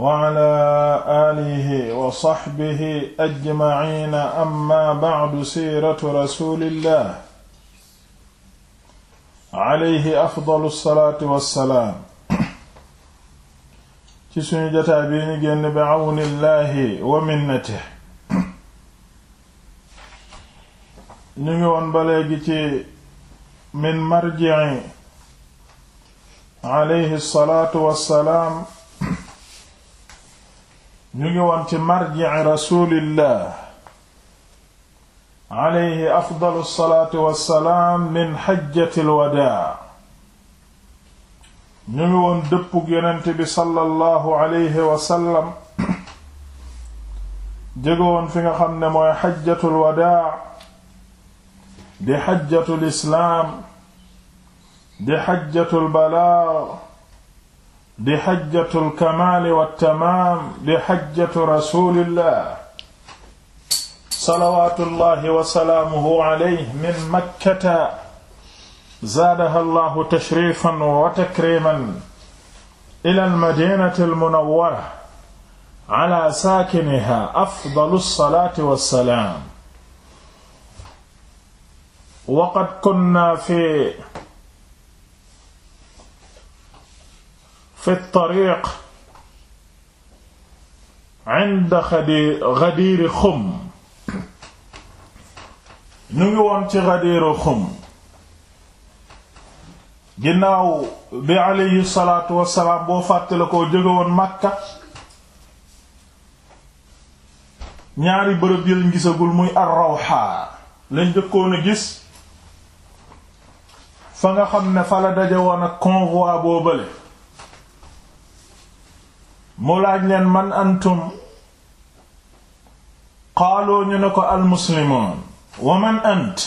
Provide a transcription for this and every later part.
wa ala aalihi wa saxbihi ajmaciina amma bacdu siiratu rasuulillah alayhi afdalu salaatu wa salaam. ci suñu jotaay bii ñu génn bi awnillahi wa minnatihi. ñu ngi woon ba léegi ci min marjici alayhi salaatu wa salaam. ñu ngi woon ci marji'i rasulillah alayhi afdalu salaatu wassalaam min xajjatil wadaa ñu ngi woon dëppug yonent bi sallallahu alayhi wasallam jégowoon fi nga xam ne mooy xajjatul wadaa di xajjatul islaam di xajjatul balaag di xajjatul kamaali wa tamaam di xajjatu rasulillah salawaatullahi wa salaamuhu alayhi min makkata zaadaha llahu tashrifan wa takriman ila almadinati almunawwara ala saakiniha afdalu salaati wassalaam wa qad kunna fi fi tariq inda Ghadir Khoum ñu ngi woon ci Ghadir Khoum ginnaaw bi aleyhi salaatu wassalaam boo fàttale koo jóge woon Makka ñaari bërëb yël gisagul muy ar-Rawha lañ jëkkoon a gis fa nga xam ne fa la daje woon ak convoi boobale mu laaj leen man antum qaalu ñu ne ko almuslimuun wa man ant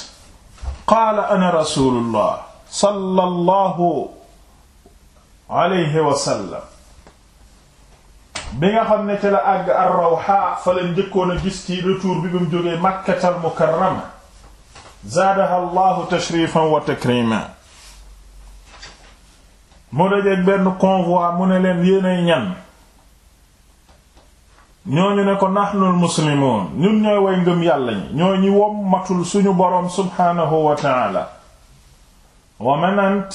qaala ana rasulullah sallallahu alayhi wa sallam bi nga xam ne ci la àgg ar-Rawha fa lañ njëkkoon a gis ci retour bi bam jógee Makkatal Mukarrama zaadaha Allahu tashrifan wa takriman mu dajeeg benn convoi mu ne leen yéenay ñan ñu ne ko nahnul muslimun ñun ñooy way ngëm yàlla ñi ñoo ñi wom suñu boroom subhaanahu wa taala wa man ant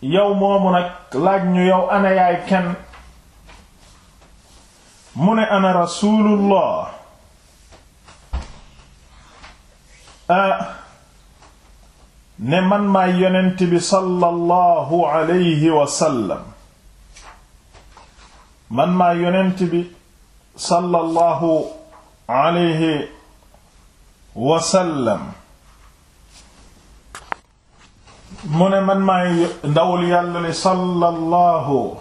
yow moomu nag laaj ñu yow ana yaay kenn mu ne ana rasulullah ah, ne man maay yonent bi sallallahu alayhi wa sallam man maay yonent bi sallallahu alayhi wa sallam mu man maay ndawul yàlla li sallallahu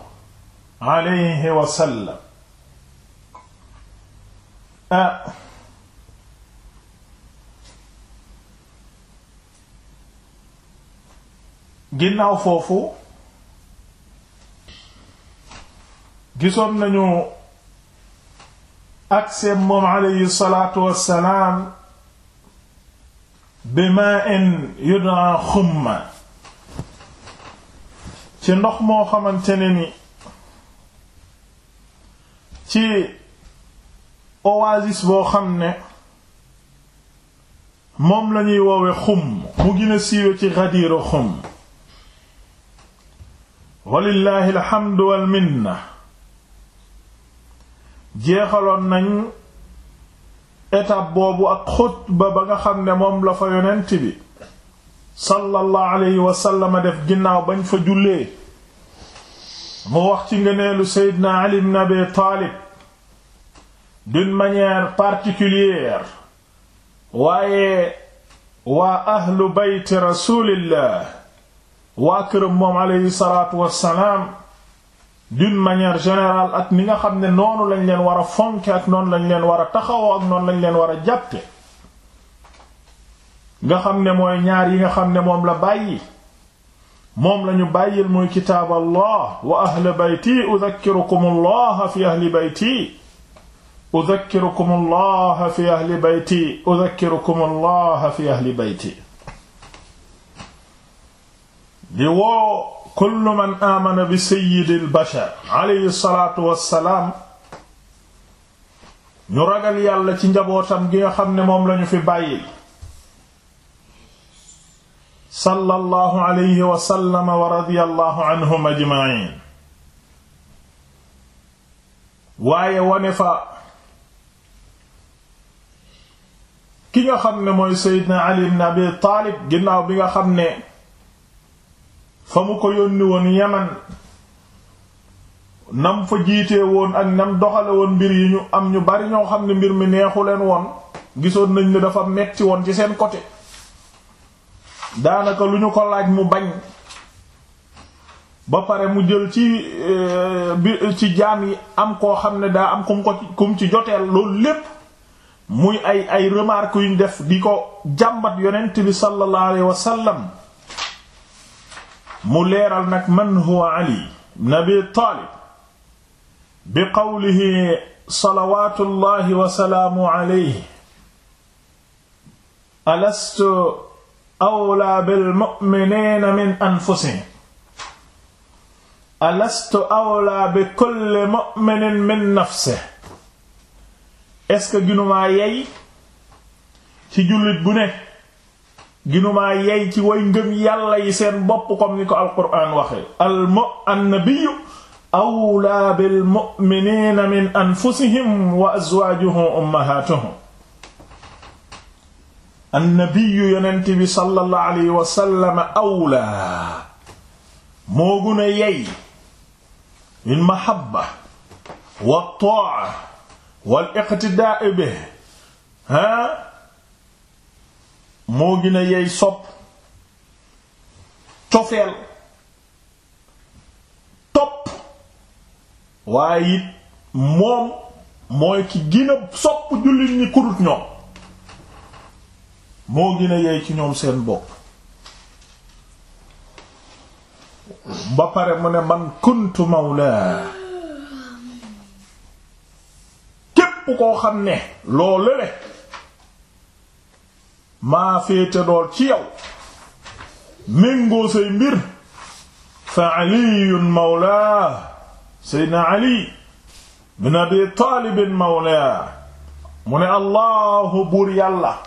alayhi wa sallam ah. ginnaaw foofu gisoon nañu ak seem moom aleyhi salaatu wassalaam bi ma'in yud'a xumma ci ndox moo xamante ne ni ci oasis boo xam ne moom lañuy woowe xum mu gën siiwe ci Ghadir xum walillahi alhamdu wal jeexaloon nañ étape boobu ak xutba ba nga xam ne moom la fa yonent bi sallallahu alayhi wa sallam def ginnaaw bañ fa jullee mu wax ci ngëneelu Seydina Ali ibn Abi Taalib d'une manière particulière waaye waa ahlu beyti rasulillah waa këram moom alayhi salaatu wassalaam d'une manière générale at mi nga xam ne noonu lañ leen war a fonke ak noonu lañ leen war a taxawoo ak noonu lañ leen war a nga xam ne mooy ñaar yi nga xam ne moom la bàyyi moom lañu bàyyil muy kitaab allah wa ahli bayti udhakkirukum allah fi ahli bayti udhakkirukum allah fi ahli bayti udhakkirukum allah fi ahli bayti di woo kullu man aamana bi sayyidil bashar alayhi salaatu wassalaam ñu ragal yàlla ci njabootam gi nga xam ne moom lañu fi bàyyi sallallahu alayhi wa sallam wa radiyallahu anhum ajma'in waaye wane fa ki nga xam ne mooy sayyidina ali ibn abi taalib ginnaaw bi nga xam ne fa mu ko yónni woon yaman nam fa jiitee woon ak nam doxale woon mbir yi ñu am ñu bari ñoo xam ne mbir mi neexu leen woon gisoon nañ ne dafa metti woon ci seen côté daanaka lu ñu ko laaj mu bañ ba pare mu jël ci eh, bi ci jaam yi am koo xam ne daa am kum ko kum ci joteel loolu lépp muy ay ay remarque yu ñu def di ko jàmbat yonent bi sallallahu alayhi mu leeral nag man huwa ali ibn abi taalib bi qawlihi salawaatullahi wa salaamu alayhi alastu awlaa bil mu'miniina min anfusihim alastu awlaa bi kulli mu'minin min nafsihi est-ce que ginumaa yey ci jullit bu ne ginumaa yey ci way ngëm yàlla yi seen bopp comme ni ko alquran waxee al mu annabiyu awlaa bil mu'minina min anfusihim wa azwaajuhum ummahatuhum annabiyu yonent bi sallallahu alayhi wa sallam awlaa moo gën a yey lil mahabba wa ta'a wal iqtidaa bihi ha moo gën a yey sopp cofeel topp waaye it moom mooy ki gën a sopp jullit ñi kurut ñoom moo gën a ci ñoom seen bopp ba pare mu ne man kuntu mawla képp koo xam ne loolu le maa féete dool ci yow méngoo say mbir fa aliyun mawlaa seydna ali mawlaa mu ne allahu buur yàlla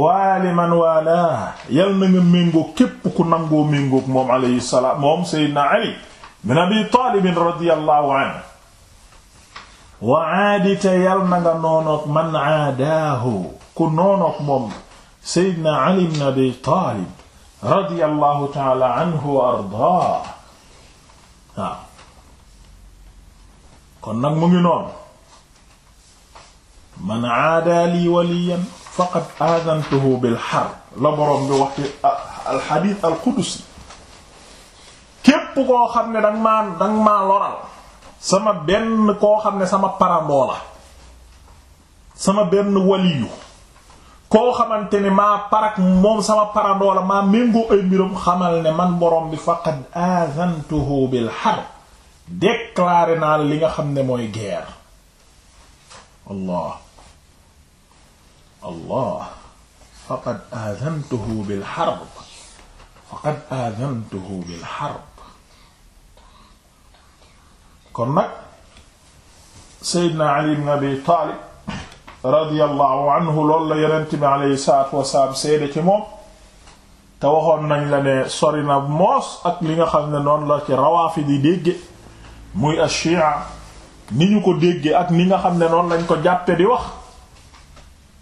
waali man waalaa yal na nga méngoo képp ku nangoo méngoog moom alayhi salaam moom seydna ali bin abi taalibin radiyallahu anhu wa aadita yal na nga man aadaahu ku noonook moom Seydina Ali ibn Abi Taalib radiyallahu taala anhu wa ardaa waaw kon nag mu ngi noonu man aadaa lii waliyan faqad aadantuhu bil harb la boroom bi waxte alxadiis alqudusi képp koo xam ne danga maa danga maa loral sama benn koo xam ne sama parandoo la sama benn waliyu koo xamante ni maa parak moom sama parandoo maa méngoo ay mbiram xamal man borom bi faqad azantuhu harb déclaré naa li nga xam ne mooy guerre allah allah faqad azantuhu bil harb faqad azantuhu Ali ibn Abi Talib radiyallahu anhu loolu la yonent bi aleyhi salaatu wasalaam seede ci moom te waxoon nañ la ne sori na moos ak li nga xam ne noonu la ci rawaafid yi dégge muy ashia ni ñu ko dégge ak ni nga xam ne noonu lañ ko jàppe di wax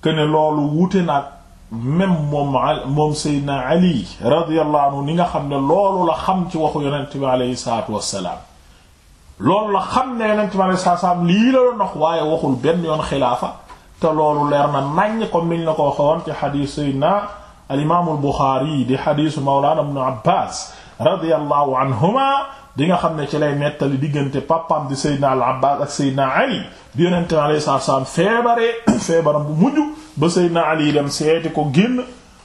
que ne loolu wuute naag même moom moom Seydina Ali radiyallahu anhu nga xam ne loolu la xam ci waxu yonent bi aleyhi salaatu wasalaam loolu la xam ne yonent bi aleyhi salaatu wasalaam lii la doon wax waaye waxul benn yoon xilaafa te loolu leer na naññ comme niñ la ko waxoon ci xadiis sayyidina al-imaam al-Buxaari di xadiisu mawlaana ibnu Abbaas radiyallahu anhuma di nga xam ne ci lay nettali diggante papam di Seydina al Abbas ak Seydina Ali bi yonente mi alayhi salaam feebaree feebaram bu mujj ba Seydina Ali dem seeti ko génn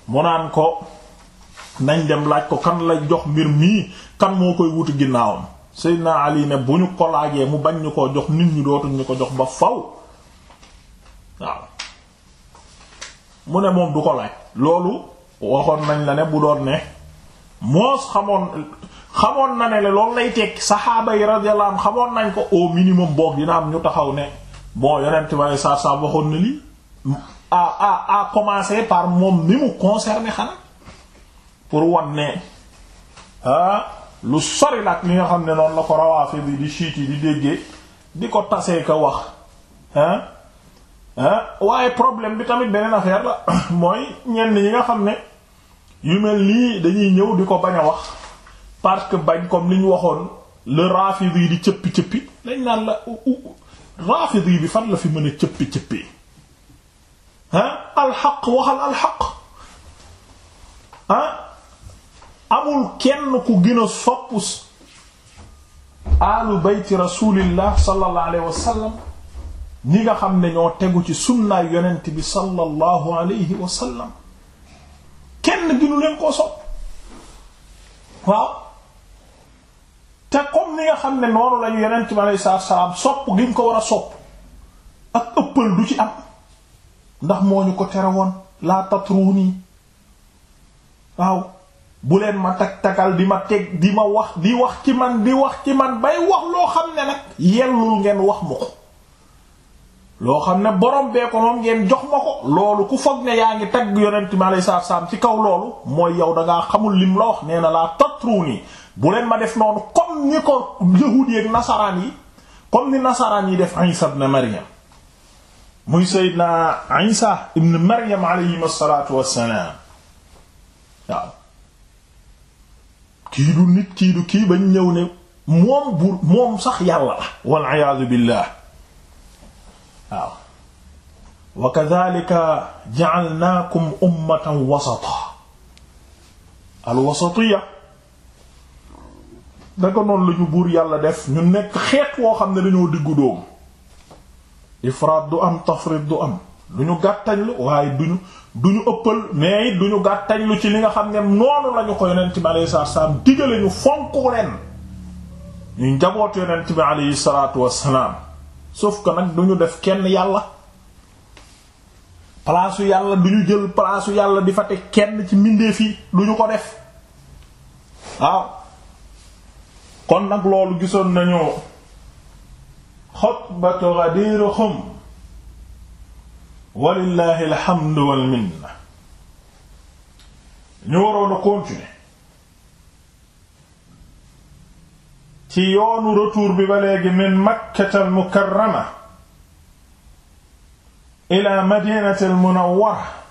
mu ko nañ dem laaj ko kan la jox mbir mii kan moo koy wuti ginnaawam Seydina Ali ne bu ñu ko mu bañ ñu ko jox nit ñu dootuñ ñu ko jox ba faw waaw mu ne moom du ko laaj loolu waxoon nañ la ne bu doon ne moos xamoon xamoon na ne le loolu lay tekki saxaaba yi radiyallahu am xamoon nañ ko au minimum boog dina am ñu taxaw ne bon yonent waaye saa saa waxoon na lii a a a commencer par moom ni mu concerné xanaa pour wan ne ah lu sori laak li nga xam ne noonu la ko rawaafi bi di chiite yi di déggee di ko tasee ko wax ah Ah, waaye problème bi tamit beneen affaire la mooy ñenn ñi nga xam ne yu mel nii dañuy ñëw di ko bañ a wax parce que bañ comme li ñu waxoon le rafidi yi di cëppi cëppi dañ naan la rafidi yi bi fan la fi mën a cëppi cëppi ah alxaq waxal alxaq ah amul kenn ku gën a sopp alu bayti rasulillah sallallahu alayhi wasallam ñi nga xam ne ñoo tegu ci sunnaay yonent bi sallallahu alayhi wa sallam kenn ginu leen koo sopp waaw te comme ni nga xam ne noonu lañu yonent bi alayhi salaatu salaam sopp gi ñu ko war a sopp ak ëppal du ci am ndax moo ñu ko tere woon laa tatruuni waaw bu leen ma tak takal di ma teg di ma wax di wax ci man di wax ci man bay wax loo xam ne nag yellul ngeen wax ma ko loo xam ne borom bee ko moom ngeen jox ma ko loolu ku foog ne yaa ngi tagg yonent mi alei saatu salaam ci kaw loolu mooy yow da xamul lim la wax nee na laa tatru nii bu leen ma def noonu comme ni ko yahuud yi ak nasaraan yi comme ni nasaraan yi def isa ibn maryam muy sayyidna isa ibn maryam alayhim asalatu wassalaam waaw kii du nit kii kii bañ ñëw ne moom bu moom sax yàlla la wal iyaadu billah waaw wa kadhalika ja'alnakum ummatan wasata al wasatiya dako noonu la ñu buur yàlla def ñu nekk xeet woo xam ne dañoo diggu dóomu ifraat du am tafrit du am du ñu gàttañ lu waaye du duñu ëppal mais it duñu gàttañ lu ci li nga xam ne noonu lañu ko yonent bi alayhi salaatu wasalaam digale ñu fonk leen ñu njaboot sauf ko nag duñu def kenn yàlla palaasu yàlla duñu jël palaasu yàlla di fa teg kenn ci mbindeef yi duñu ko def waaw kon nag loolu gisoon nañu xutbatu Ghadir Khoum walillahi alhamdu wal minna ñu waroon continuer ci yoonu retour bi ba léegi min makkata al mukarrama ila madinati al munawwara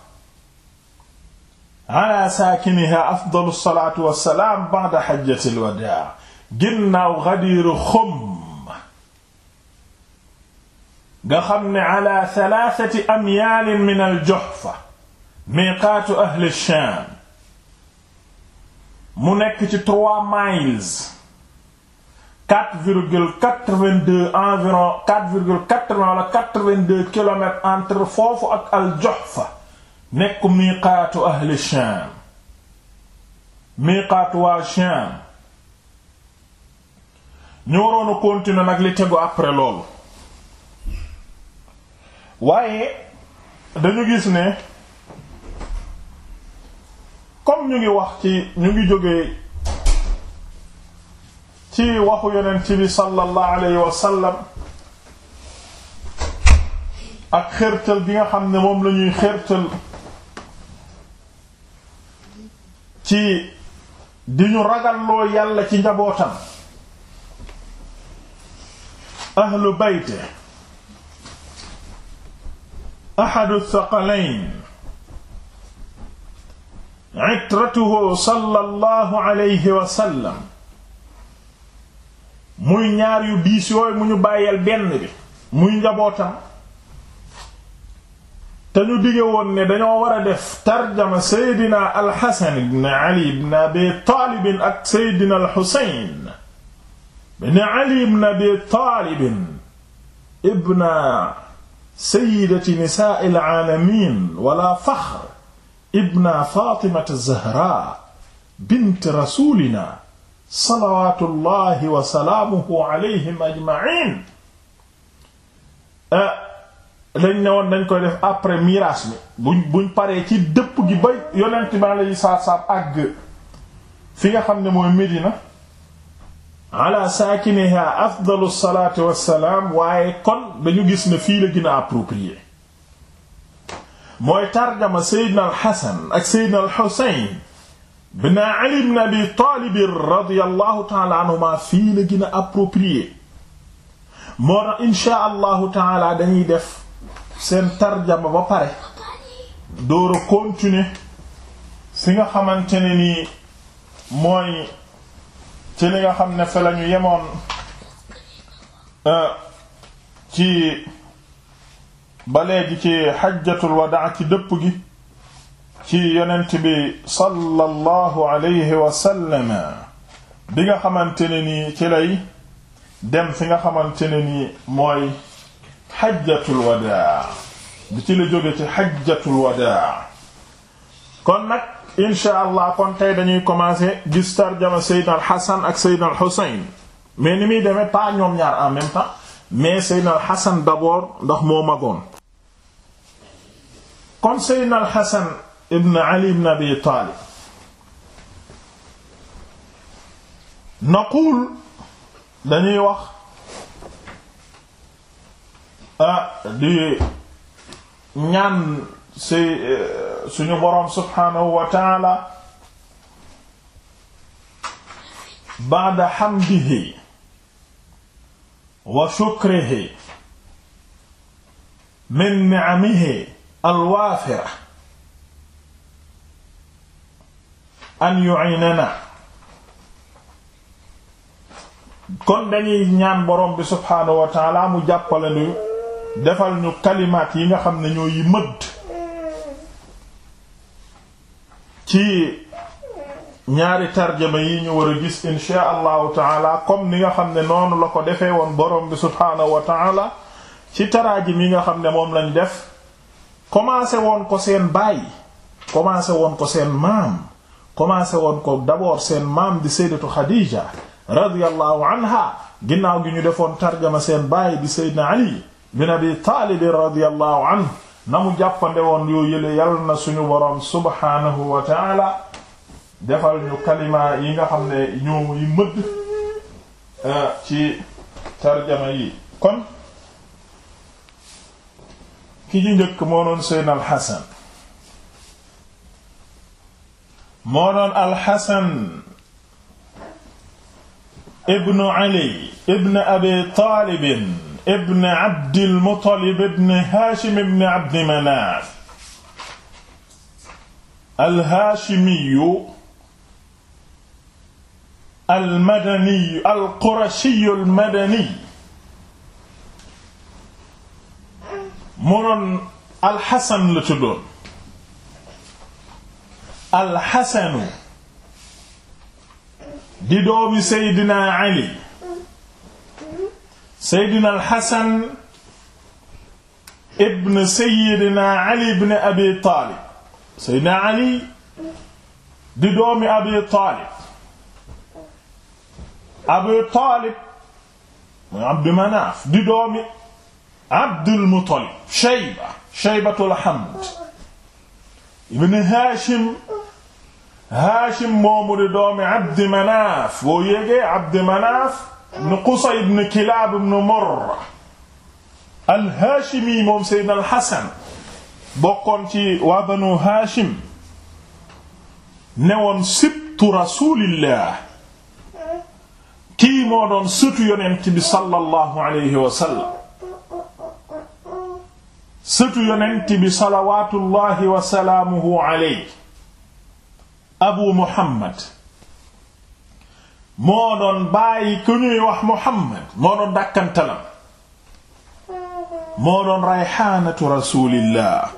ala saakiniha afdalu salaatu wassalaam ba'da hajjati al wadaa ginnaaw Ghadir Khoum nga xam ne ala thalathati amyaal min al Juhfa miiqaatu ahli Shaam mu nekk ci trois miles quatre virgule quatre-vingt-deux environ quatre virgule quatre-vingts wala quatre-vingt-deux kilomètres entre foofu ak al-Juhfa nekk miiqaatu ahli Shaam miiqaatu waa Shaam ñu waroon a nag li tegu après loolu waaye dañu gis ne comme ñu ngi wax ci ñu ngi jógee ci waxu yonent bi sallallahu alayhi wa sallam ak xërtal bi nga xam ne moom la ñuy xërtal ci di ñu ragalloo yàlla ci njabootam ahlu bayte ahadu thaqalayn itratuhu sallallahu alayhi wa sallam muy ñaar yu diis yooyu mu ñu bàyyeel benn bi muy njabootam te ñu dige woon ne dañoo war a def tarjama seydina alxasan bn ali ibn abi taalibin ak seydina alxuseyn ibn ali ibn abi taalibin ibn sayyidati nisaa alaalamiin wala faxr ibn fatimata zahra bint rasulina salawaatullahi wa salaamuhu alayhim ajma'in eh, lañ ne dañ koy def après miraas mi buñ buñ paree ci dëpp gi ba yonent bi alayhi salaatu salaam àgg fi nga xam ne mooy Medina ala saakiniha afdalu salaati wassalaam waaye kon dañu gis ne fii la gën a mooy tarjama Seydina al Hasan ak Seydina al Husayn ibn Ali ibn Abi Taalib radiyallahu taala anhuma fii la approprié moo tax insha allahu taala dañuy def seen tarjama ba pare door a si nga xamante ne nii mooy ci nga xam ne fa lañu yemoon euh, ci ba léegi ci xajjatul wadaa ci dëpp gi ci yonent bi sallallahu alayhi wa bi nga xamante ne nii ci lay dem fi nga xamante ne nii mooy xajjatul wadaa ci la jóge ci xajjatul kon nag insha allah kon tey dañuy commencer gis tarjama Seydina al-Hasan ak Seydina al-Husayn mais ni muy demee pas ñoom ñaar en même temps mais Seydina al-Hasan d'abord ndax moo magoon kon Seydina al-Hasan ibn ali ibn abi taalib naquul dañuy wax ah di ñaan si eh, suñu boroom subhaanahu wa taala baada hamdihi wa shukrihi min ni'amihi alwaafira an na kon dañuy ñaan borom bi subhaanahu wa taala mu jàppale ñu defal ñu kalimaat yi nga xam ne ñoo yi mëdd ci ñaari tarjama yi ñu war a gis insha allahu taala comme ni nga xam ne noonu la ko defee woon borom bi subhaanahu wa taala ci taraajim yi nga xam ne moom lañ def commencé woon ko seen baay commencé woon ko seen maam commencé woon ko d'abord seen maam di sayyidatu Khadija radiyallahu anha ginnaaw gi ñu defoon tarjama seen baay di sayyidina Ali bin Abi Taalib radiyallahu anhu na mu jàppande woon yoo yële yàlla na suñu boroom subhaanahu wa taala defal ñu kalima yi nga xam ne ñoo yi mëdd euh, ci tarjama yi kon ki ji njëkk moo doon sayyidina al moo doon alxasan ibnu ali ibn abi taalibin ibn abdilmutalib ibn haashim ibn abdi manaaf alhaashimiyu almadaniyu alqurashiyu almadani moo doon alxasan la tuddoon alxasanu di doomi seydina ali seydina alxasan ibn seydina ali ibn abi taalib seydina ali di doomi abi taalib abi taalib mooy abdu manaaf di doomi abdul muttalib shayba shaybatul hamd ibn haashim Haashim moomu di doomi Abdi Manaaf boo yéegee Abdi Manaaf ibn Qusay ibn Kilaab ibn Murra al-Haashimi moom Seydina al-Hasan bokkoon ci waa Banu Haashim newoon sibtu Rasuulillah kii moo doon sëtu yonent bi sallallahu alayhi wa sallam sëtu yonent bi salawaatullahi wa salaamuhu alayhi abu muhammad moo doon bàyyi ku ñuy wax muhammad moo doon dàkkantalam moo doon rayxaanatu rasulillah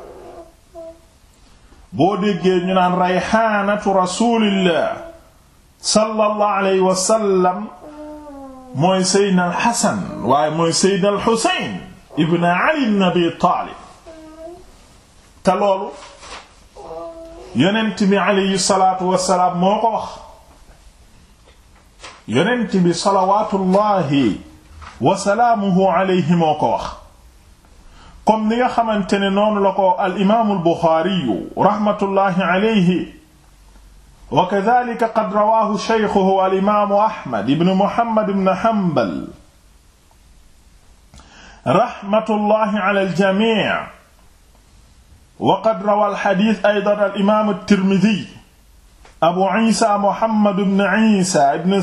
boo déggee ñu naan rayxaanatu rasulillah sallallahu alayhi wa sallam mooy seydna alxasan waaye mooy seydna alxusayn ibn ali ibn abi taalib te loolu yonent bi aleyhi salaatu wassalaam moo ko wax yonent bi salawaatullahi wa salaamuhu aleyhi moo ko wax comme ni nga xamante ne noonu la ko al imaamu Buxaari rahmatullahi aleyhi wa kadhalika qad rawaahu shaykhuhu al imaamu Ahmad ibn Muhammad ibn Hanbal rahmatullahi ala al jamii' waqad rawa alxadis aydan alimaam altirmidi abu isa mohammad bn isa ibn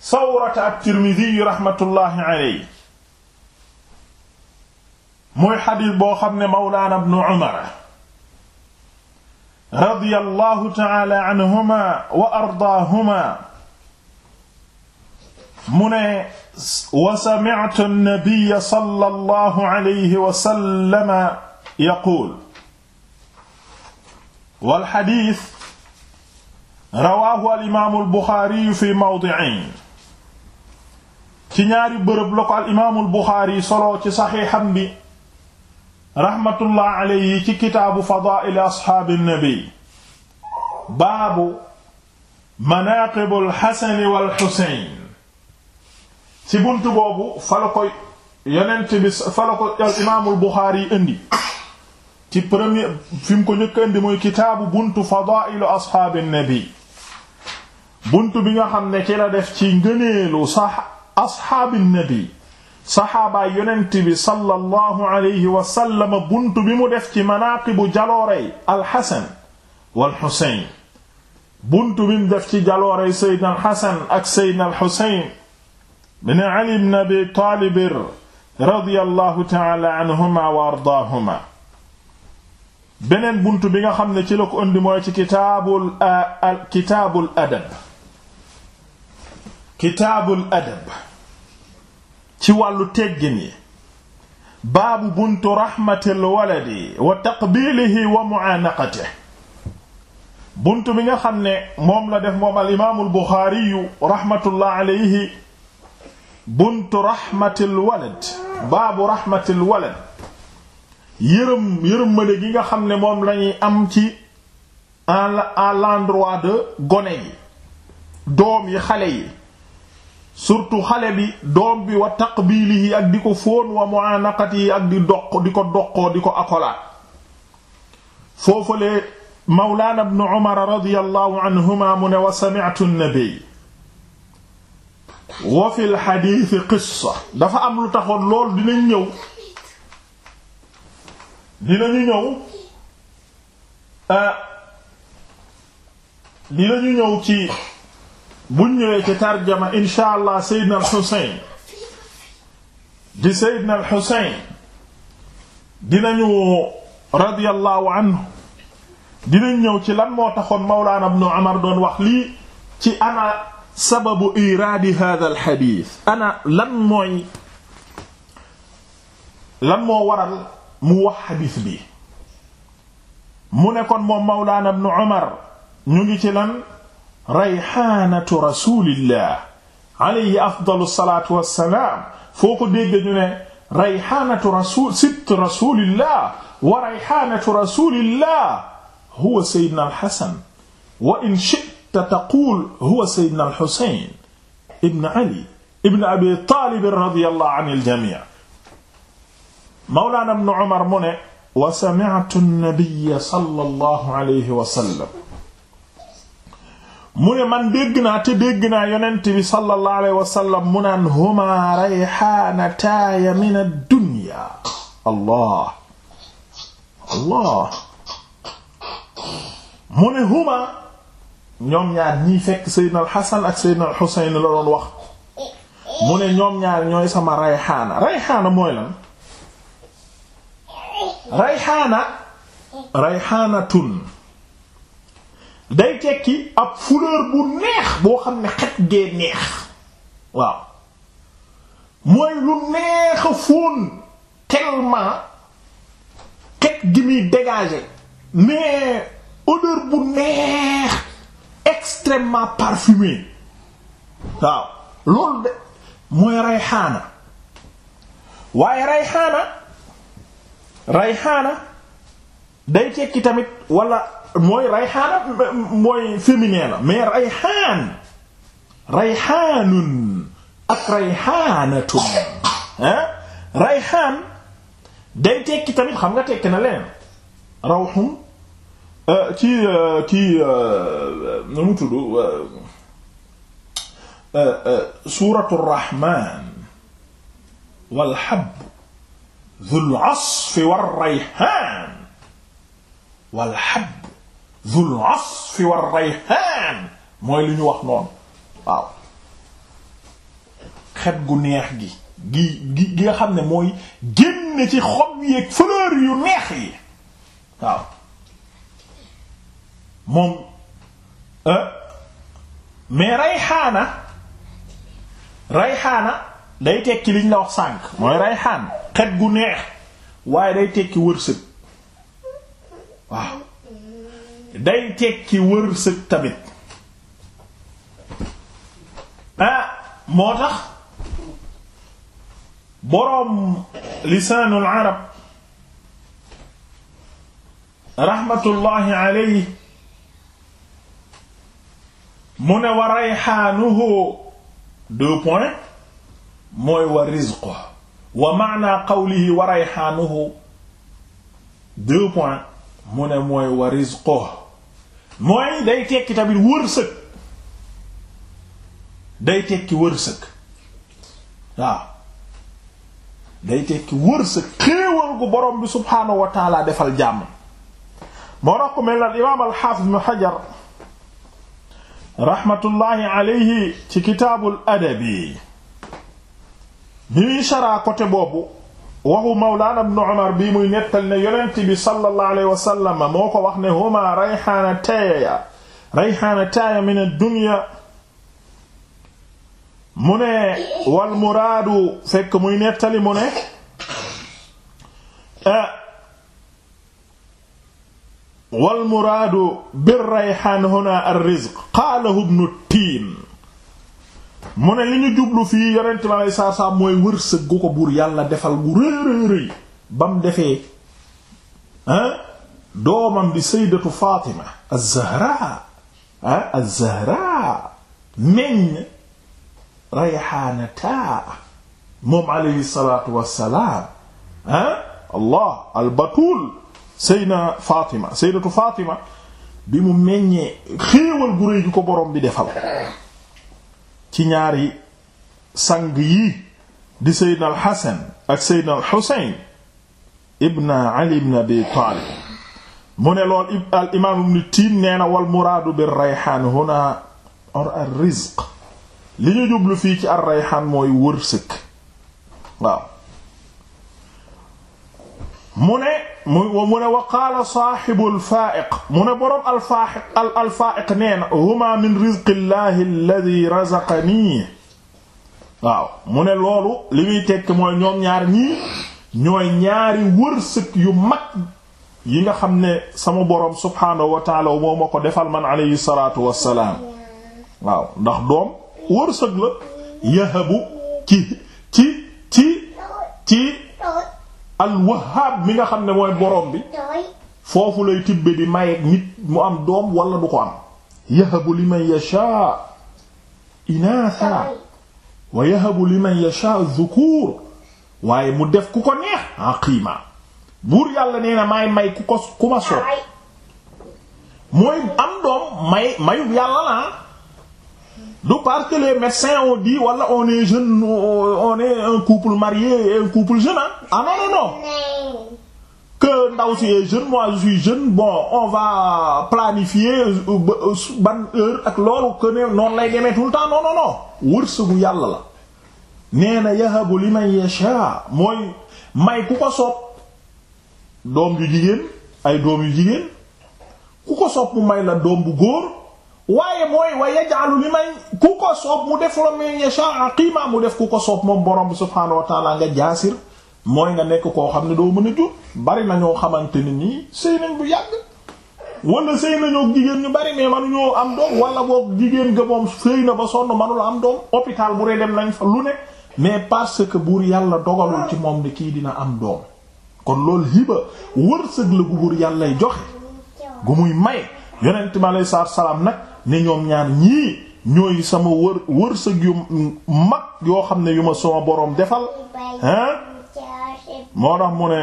sawrata altirmidi raxmatullahi aley muy xadis boo xam ne mawlaana bnu umar radiyallahu taala anhuma wa ardaahuma mu ne wa sami'tu an-nabiyya sallallahu alayhi wa sallam yaquul wal xadiis rawaahu al imaamu al buxaari fi mawdi'ayn ci ñaari bërëb la ko al imaamu al buxaari solo ci saxiixam bi raxmatullah alayhi ci kitaabu fadaa'il asxaabi nabi baabu manaaqibul xasani wal xuseyn ci buntu boobu fa la koy yonent bi fa la ko al imaamul buxaari indi ci premier fi mu ko njëkk indi muy kitaabu buntu fadaa'ilu ashaabi nabi buntu bi nga xam ne ci la def ci ngëneelu sax ashaabi nabi saxaabaa yonent bi sallallahu alayhi wa sallam buntu bi mu def ci manaaqibu jaloorey alxasan wal xusayn buntu bi mu def ci jaloorey saydna alxasan ak saydna alxusayn bin ali ibn abi taalib radiyallahu ta'ala anhuma wa ardaahuma beneen buntu bi nga xam ne ci la ko indi mooy ci kitaabul kitaabul adab kitaabul adab ci wàllu teggin yi baabu buntu raxmatil waladi wa taqbilihi wa mu'aanaqatihi buntu bi nga xam ne moom la def moom al imaamul buxaariyu raxmatullah alayhi buntu raxmatil walad baabu raxmatil walad yërëm yërëmale gi nga xam ne moom lañuy am ci à l'endroit de gone yi doom yi xale yi surtout xale bi doom bi wa taqbiilihi ak di ko fóon wa mu'anaqatihi ak di doq di ko doqoo di ko akolaat foofalee mawlaana ibn umar radiyallahu anhuma mu ne wa sami'tu an-nabi wa fil hadiith qissa dafa am lu taxoon loolu dinañ ñëw dinañu ñëw euh, dinañu ñëw ci buñ ñëwee ci tarjama insha allah seydna al xuseyn di seydna al xuseyn dinañu radiyallahu anhu dinañ ñëw ci lan moo taxoon mawlaana ibnu umar wax lii ci ana sababu iraadi hada al ana lan waral mu wax xadiis bi mu ne kon moom mawlaana ibnu Umar ñu ngi ci lan rayxaanatu rasulillah alayhi afdalu salaatu wassalaam foo ko dégg ñu ne rayxaanatu rasul sibt rasulillah wa rayxaanatu rasulillah huwa sayyidina al-Hasan wa in shi'ta taqul huwa sayyidina al-Husayn ibn Ali ibn Abi Talib radiyallahu anil jamii Mawlaana ibn Umar mu ne wa sami'tu an-nabiyya sallallahu alayhi wa sallam mu ne man dégg naa te dégg naa yonent bi sallallahu alayhi wa sallam mu naan huma rayhaanataaya min ad-dunya allah allah mu ne huma ñoom ñaar ñii fekk Seydina al-Hasan ak Seydina al-Husayn la doon wax mu ne ñoom ñaar ñooy sama rayhaana rayhaana mooy lan xaana rayxaanatun day tekki ab fleur bu neex boo xam ne xet gee neex waaw mooy lu neex a fóon tellement xet gi muy mais odeur bu neex extrêmement parfumée waaw loolu de mooy rayxaana waaye rayxaana rayxaana day tekki tamit wala mooy rayxaana mooy féminin la mais rayxaan rayxaanun ak rayxaanatun ah rayxaan day tekki tamit xam nga tekki na leen rawxum euh, ci euh, ci euh, nu mu rahmaan wal habb dhul asfi war rayhaan wal habb dhul asfi war rayhaan mooy li ñu wax noonu waaw xet gu neex gi gi gi gi nga xam ne mooy génn ci xob yi ak fleur yu neex yi waaw moom euh, mais rayhaana rayhaana day tekki liñ la wax sànq mooy rayxaan xet gu neex waaye waaw day tekki wërsëg tamit ah moo tax boroom lisaanul arab raxmatullahi alayhi mu ne wa rayxaanuhu deux mooy wa rizqu wa maana qawlihi wa rayhaanuhu deux points mu ne mooy wa rizqu mooy day tekki tamit wërsëg day tekki wërsëg waaw gu borom bi subhaanahu wa taala defal jàmm moo tax ku mel na imaam alxaafis ibn alayhi ci kitaabul adabi bi ñuy sharaa côté boobu waxu mawlaana ibn Umar bii muy nettal ne yonent bi sallallahu alayhi wa sallam moo ko wax ne huma rayhaana taya rayhaana taya min ad-dunya mu ne wal muraadu fekk muy nettali mu ne eh, wal muraadu bir rayhaan huna ar-rizq qaalahu ibn tiin mu ne li jublu fii yonent ma lay saar saar mooy wërsëg gu ko buur yàlla defal gu rëy rëy ba mu defee doomam di sayyidatu Fatima az-Zahra az-Zahra meññ rayhaanata moom alayhi salaatu wassalaam Allah al-Batul sayyidina Fatima sayyidatu bi mu meññee xéewal gu rëy gi ko borom bi defal ci ñaari sang yi di seydna al xasan ak seydna al xuseyn ibn ali ibn abi taalib mu ne lool al imaam ibn tiin nee na wal muraadu bir rayxaan huna or ar rizq li ñu jublu fii ci ar rayxaan mooy wërsëg mu ne mu ne wa qaala saaxibu alfaaiq mu ne boroom alfaaiq alfaaiq nee na huma min rizqi llahi alladi razaqanii waaw mu ne loolu li muy tekk mooy ñoom ñaar ñii ñooy ñaari wërsëg yu mag yi nga xam ne sama boroom subhaanahu wa taala moo ma ko defal man alayhi salaatu wassalaam waaw ndax doom wërsëg la yahabu ci ci ci ci al-Wahhab mi nga xam ne mooy borom bi foofu lay tibbe may maye nit mu am doom wala du ko am yahabu liman yasha inaasa wa yahabu liman yasha dhukur waaye mu def ku ko neex aqima buur yàlla nee na maay may ku ko ku ma soob mooy am doom may mayu yàlla la du parce que les médecins ont dit wala on est jeune on est un couple marié un couple jeune ah non non ndaw si est jeune moi je suis jeune bon on va planifier euh, ban heure ak loolu que ne noonu lay demee tout le temps non non non wërsëgu yàlla la nee na yahabu liman yasha mooy may ku ko soob doom yu jigéen ay doom yu jigéen ku ko soob mu may la doom bu góor waaye mooy wa yaj'alu li may ku ko soob mu def la man yasha aqima mu def ku ko soob moom borom subhaanahu wa ta'ala nga jaasir mooy nga nekk koo xam ne doo mën a jur bari na ñoo xamante ne nii sëy nañ bu yàgg wala sëy nañoo jigéen ñu bari mais manuñoo am doom wala boog jigéen ga moom sëy na ba sonn manula am doom hôpital bu dee dem nañ fa lu ne mais parce que buur yàlla dogalul ci moom ne kii dina am doom kon loolu hiba wërsëg la gu buur yàllay joxe gu muy may salaam nag ne ñoom ñaar sama wër yu mag yoo xam ne yu ma sama boroom defal ah moo mu ne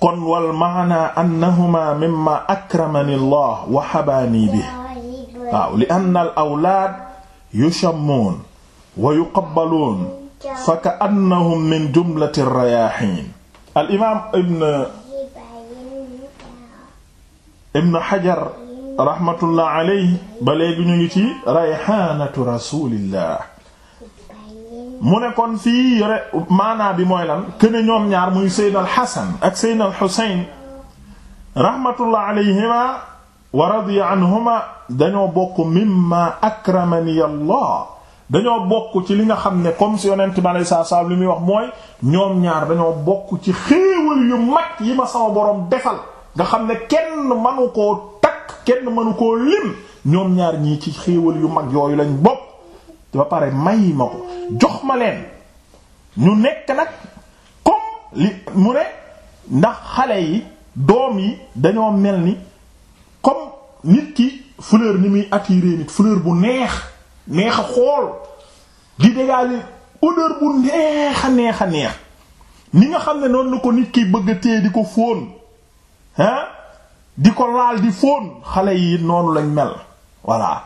kon wal maana annahuma mimma akramani allah wa habaani bi waaw li anna al awlaad yushammuun wa yuqabbaluun fa ka'annahum min jumlati rayaahiin al imaam ibn ibn hajar rahmatullah alayhi ba léegi ñu ngi ci rayhaanatu rasulillah mu ne kon fii maanaa bi mooy lan këne ñoom ñaar muy seydna alxasan ak seydna alxusayn rahmatullah alayhima wa radiya anhuma dañoo bokk mimma akramani allah dañoo bokk ci li nga xam ne comme si yonent bi alei saat salaam li muy wax mooy ñoom ñaar dañoo bokk ci xéewal yu mag yi ma sama boroom defal nga xam ne kenn manu koo kenn mënu koo lim ñoom ñaar ñii ci xéewal yu mag yooyu lañ bopp ba pare may ma ko jox ma leen ñu nekk nag comme li mu ne ndax xale yi doom yi dañoo mel ni comme nit ki fleur ni muy attirer nit fleur bu neex neex a xool di neex ni nga xam ne noonu la ko nit ki bëgg a téye di ko fóon di ko laal di fóon xale yi noonu lañ mel voilà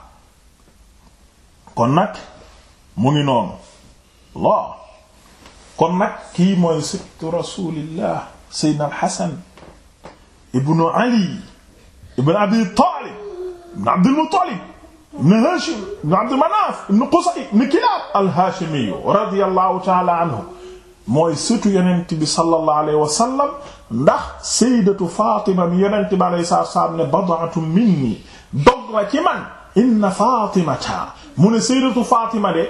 kon nag mu ngi noonu la kon nag kii mooy sibtu rasulillah seydna alxasan ibnu ali ibnu abi talib ibnu abdulmutalib ibnu hashim ibnu abdulmanaf ibnu qusay ibnu kilaab alhaashimiyu radiyallahu taala anhu mooy sëtu yonent bi sallallahu alayhi wa ndax sayyidatu Fatima bi yonent bi alayhi salaatu salaam ne bad'atu minni dog la ci man inna Fatimata mu ne sayyidatu Fatima de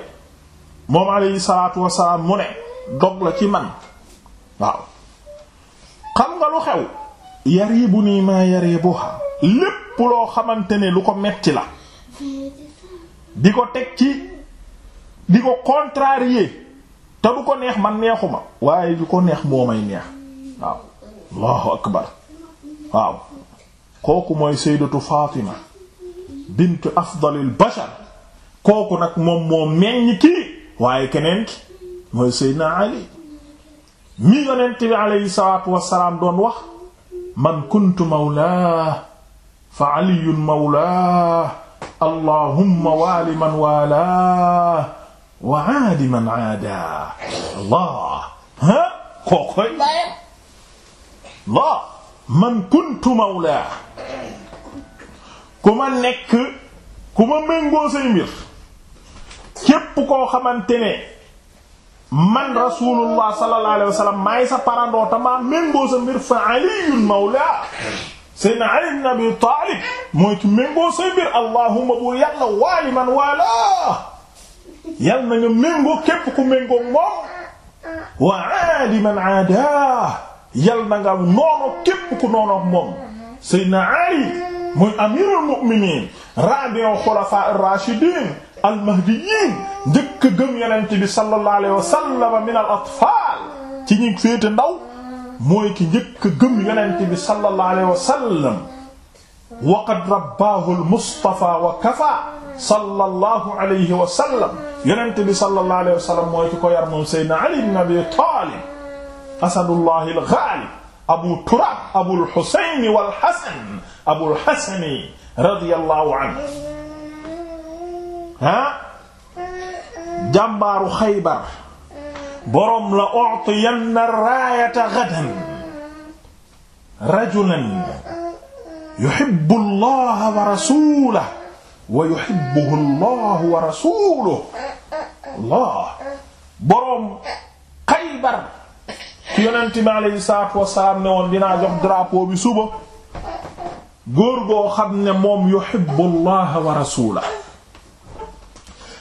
moom alayhi salaatu wassalaam mu ne dog la ci man waaw xam nga lu xew yaribuni ma yaribuha lépp loo xamante ne lu ko metti la di ko teg ci di ko contrarier te du ko neex man neexuma waaye du ko neex moo may neex waaw allahu akbar waaw kooku mooy sayyidatu Fatima bint afdalil bashar kooku nag moom moo meññ kii waaye keneen ki mooy sayyidina Ali mi yonent bi alayhi salaatu wassalaam doon wax man kuntu mawlaa fa aliyun mawlaa allahumma waali man waalaa wa aadi man aadaa allah ha kookoy la man kuntu mawla ku ma nekk ku ma méngoo say mbir képp koo xamante ne man rasulullah sallallahu alayhi wa sallam maay sa parandoo ta maa fa aliyun mawla seen ali ibn taalib mooy ki méngoo say mbir bu yàlla waali man waala yàlla na ku méngoo wa aadi man yal na nga noonu képp ku noonu ak moom Seydina Ali muy amirul mu'minin rabi'u xulafaa ar-rashidin al-mahdiyyin njëkk gëm yonent bi sallallahu alayhi wa sallam min al-atfal ci ñi féete ndaw mooy ki njëkk gëm yonent bi sallallahu alayhi wa sallam wa qad rabbaahu wa kafa sallallahu wa sallam yonent bi sallallahu alayhi wa sallam Ali ibn Abi Talib asadullah al-ghalib abu turab abul husayn wal hasan abul hasan radiyallahu anhu ah jàmbaaru xaybar boroom la u'tiyanna raayata gadan rajulan yuhibbu allaha wa rasulahu wa yuhibbuhu allahu wa rasuluhu allah boroom xaybar ci yonent bi alayhi salaatu wasalaam ne woon dinaa jox drapeau bi suba góor goo xam ne moom yuhibbu allaha wa rasuula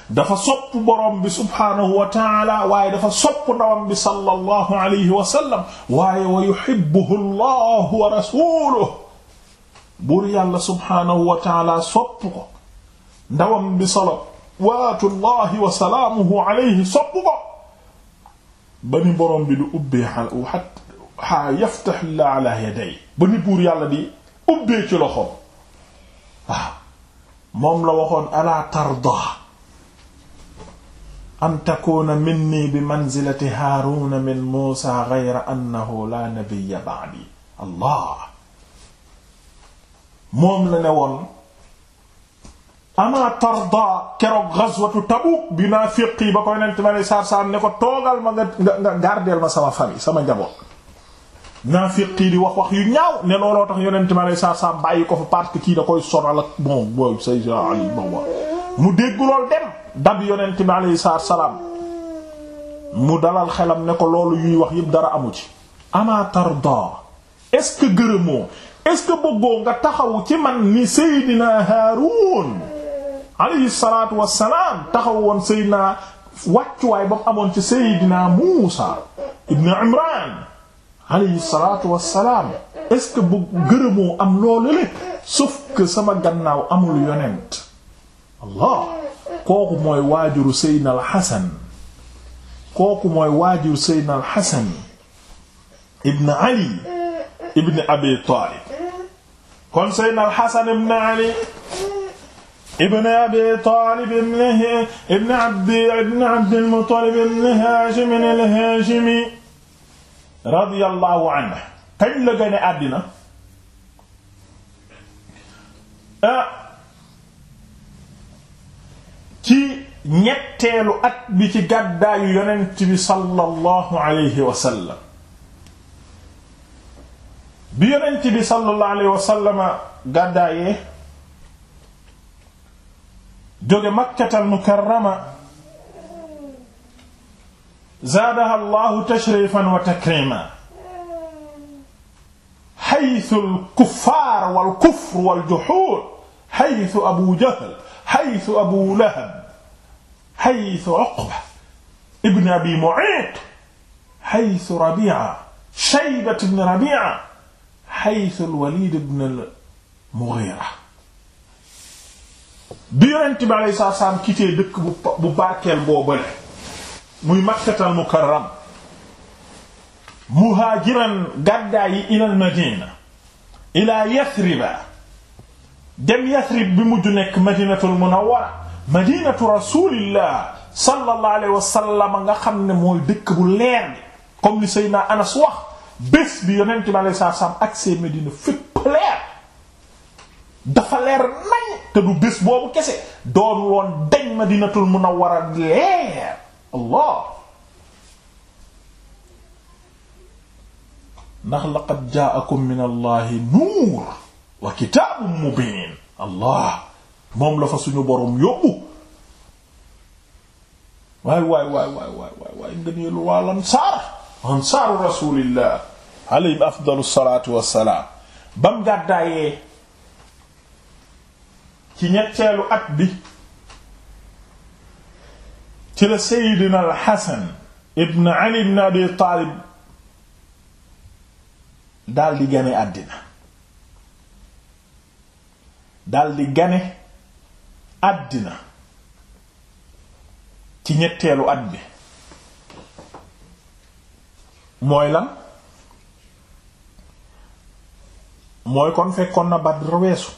dafa sopp borom bi subhaanahu wa taala waaye dafa sopp ndawam bi sallallahu alayhi wa sallam waaye wa yuhibbuhu allahu wa rasuluhu buur yàlla subhaanahu wa taala sopp ko ndawam bi salawatullahi wa salaamuhu alayhi sopp ko ba ni borom bi du ubbee xaa yaftaxu la ala yaday ba ni buur yàlla di ubbee ci loxoom waaw moom la waxoon alaa tardaa an takuna minni bi manzilati haaruna min muusa gayra annahu la nabiyya ba'di allah moom la ne woon ama tarda keroog ghazwatu Tabuk bi naa féqi ba koy nent ma ne saar-saam ne ko toogal ma nga nga gardeel ma sama famille sama njaboot naafiqi di wax wax yu ñaaw ne looloo tax yonent ma lay saa saa bàyyi ko fa parce que kii da koy sonal ak bon sa Ali mu dégg lool dem dab yonent ma saa salaam mu dalal xelam ne ko loolu yuy wax yëpp dara amu ci. ama tarda est-ce que gërëmoo est-ce que nga taxawu ci man ni Seydina Haarun alayhi salaatu wassalaam taxaw woon Seydina wàccuwaay ba mu amoon ci Seydina Muusa ibn Imraan alayhi salaatu wassalaam est-ce que bu gërëmoo am loolu le sauf que sama gannaaw amul yonent Allah kooku mooy waajuru Seydina al-Hasan kooku mooy waajuru Seydina al-Hasan ibn Ali ibn Abi Taalib kon Seydina al-Hasan ibn Ali ibn abi taalib ibn abdi ibn abdil muttalib ibn haashim al-haashimi radiyallahu anhu kañ la gane àddina ah, ci ñetteelu at bi ci gàddaayu yonent bi sallallahu alayhi wa sallam bi yonent bi sallallahu alayhi wa sallam gàddaayee jóge makkatal mukarrama zaadaha allahu tashrifan wa takrima xaytu alkuffar walkufr waljuxuud xaytu abu jahl xaytu abu lahab xaytu uqba ibn abi mu'ayt xaytu rabi'a shayba ibn rabi'a xaytu alwaliid ibn almughiira bi yonent bi aleyhi salaatu salaam quitté dëkk bu bu barkeel boobale muy makkatal mukarram muhaajiran gàddaa yi ila madina ilaa yathriba dem yathrib bi mujj nekk madinatul munawwara madinatu rasulillah sallallahu alayhi wa sallam nga xam ne mooy dëkk bu leer bi comme li Seydina Anas wax bés bi yonent bi aleyhi salaatu salaam ak see Medina fépp leer dafa leer nañ te du boobu kese doon woon dañ Madinatul Munawwara leer Allah ndax laqad ja'akum min allahi nuur wa kitaabun mubin allah moom la fa suñu boroom yóbbu waay waay waay waay waay waay waay ngëneelu waa lansaar ansaaru rasulillah alayhi afdalu salatu wassalam bam gàddaayee ci ñetteelu at bi ci la seydina al xasan ibn ali ibn abi taalib daldi gane àddina daldi gane àddina ci ñetteelu at bi mooy lan mooy kon fekkoon na ba Badr weesu